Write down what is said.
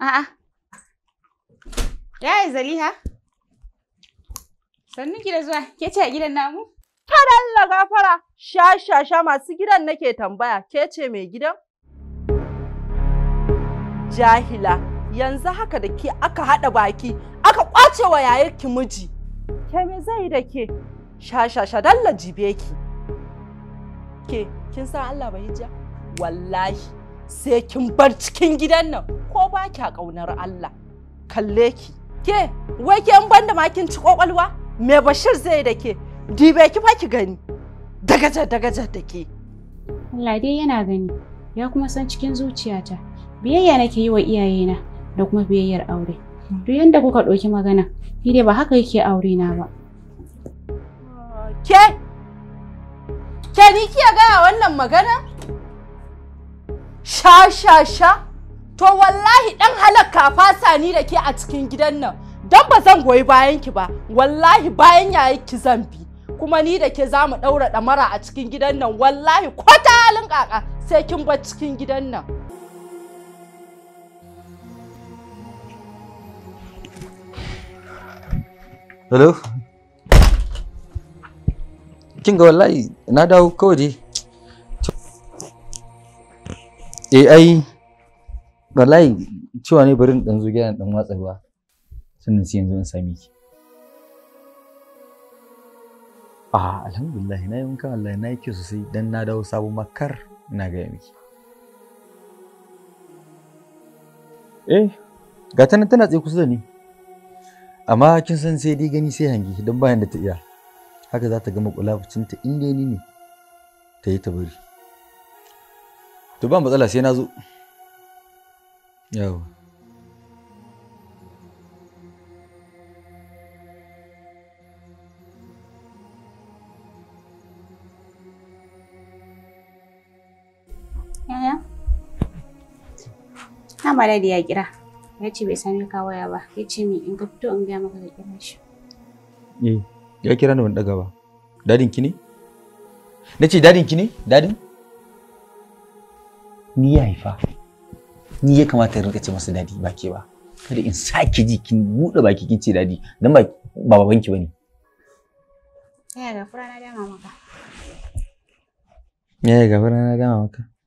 A'a. Yaya Zaliha? Sannu ki da zuwa, ke ce a gidan namu? Kadalla gafara, sha sha sha masu gidan nake tambaya, ke ce mai gidan? Jahila, yanzu haka da ke aka haɗa baki, aka ƙwace wa yayarki miji. Ke me zai da ke? Sha sha sha dalla jibe ki. Ke, kin san Allah bai hijja? Wallahi, sai kin bar cikin gidan nan. ko ba kya ƙaunar Allah kalle ki ke wai ke ban da makin ci kwakwalwa me bashir zai da ke dibe ki fa ki gani dagajar dagajar da ke Allah dai yana gani ya kuma san cikin zuciyata biyayya nake yi wa iyayena da kuma biyayyar aure duk yanda kuka ɗauki magana ni dai ba haka yake aure na ba ke ke ni kiya gaya wannan magana sha sha sha to wallahi dan halakka fasa ni da ke a cikin gidan nan don ba zan goyi bayan ki ba wallahi bayan yayi ki zan bi kuma ni da ke za mu ɗaura ɗamara a cikin gidan nan wallahi ko halin kaka sai kin bar cikin gidan nan hello kin ga wallahi na dawo kawai dai eh ai wallahi cewa ne bari dan zo gidan dan watsa ruwa sannan sai yanzu in sami ki a alhamdulillah na yi wanka wallahi na yi kyau sosai dan na dawo sabon makar ina gaya miki eh ga ta tana tsaye kusa da ni amma kin san sai dai gani sai hangi don bayan da ta iya haka za ta gama kulafucin ta inda ni ne ta yi ta bari to ba matsala sai na zo Yauwa. Yaya? Dama dadi ya kira. Ya ce bai same ka waya ba. Ya ce min in ka fito in gaya maka ka kira shi. Eh, ya kira ni ban daga ba. Dadin ki ne? Na ce dadin ki ne? Dadin? Ni ya haifa. ni ya kamata rinka ce masa dadi ba ke ba kada in sake ji kin bude baki kin ce dadi dan ba ba babanki bane yaya gafara na dama maka yaya gafara na dama maka